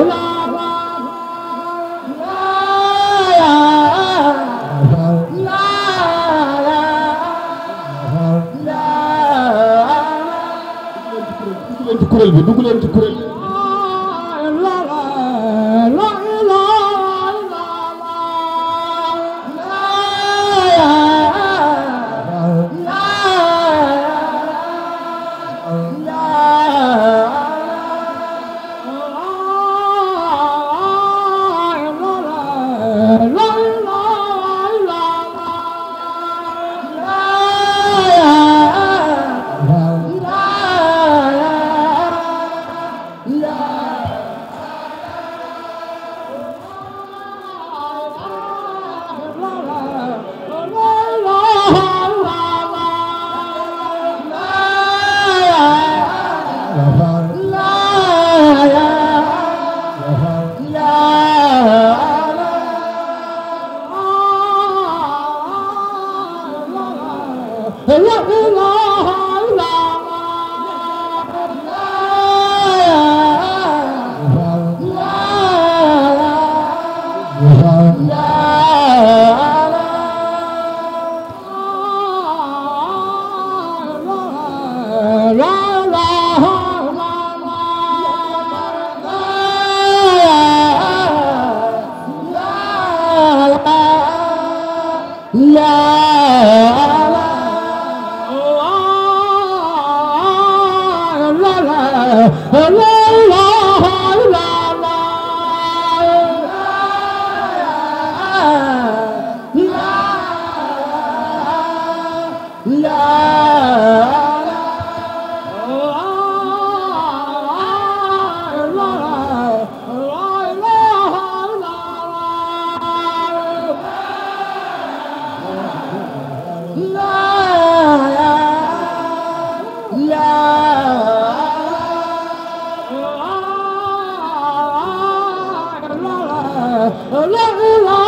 الله Yeah. la la la لا إله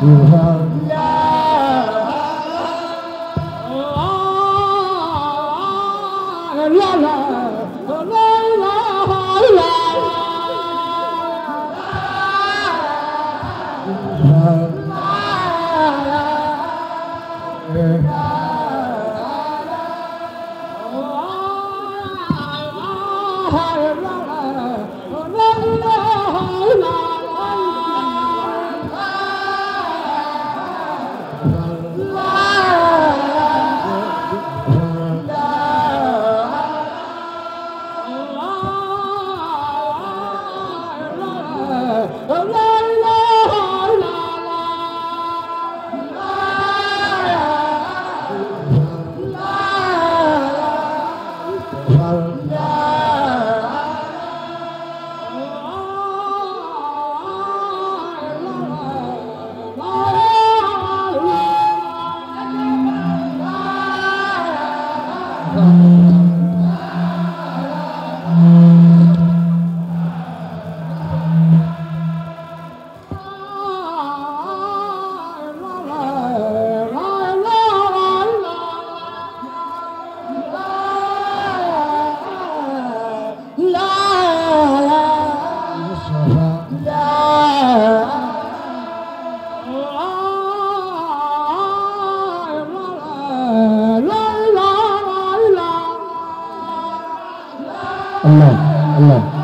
You have Bismillah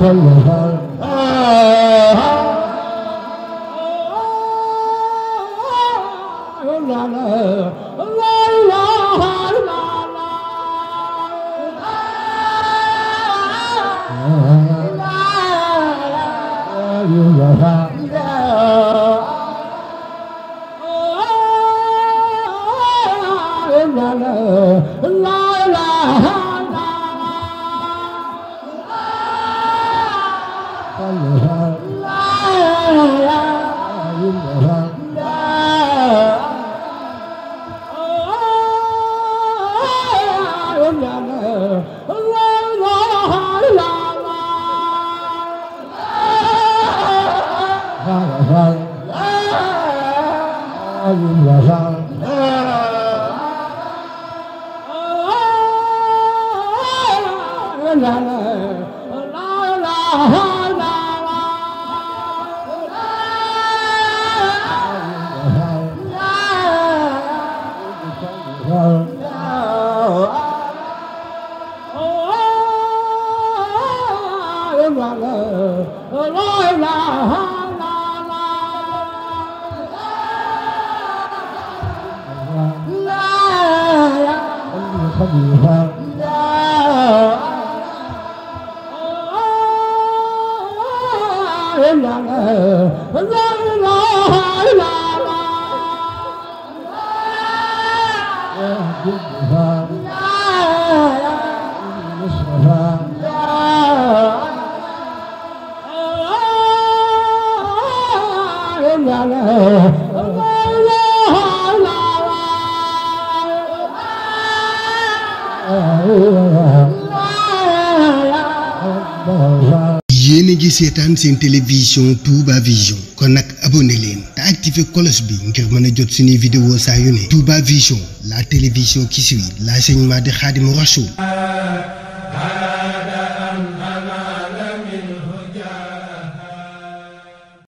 Allah la la la la la la بالجفا المصطفى لا لا yéen a ngi seetaan seen télévision Touba Vision kon nag abonné leen activer cloche bi ngir mën a jot suñuy vidéo saa yu ne Touba Vision la télévision qui suit l'enseignement de Khadimou Rassoul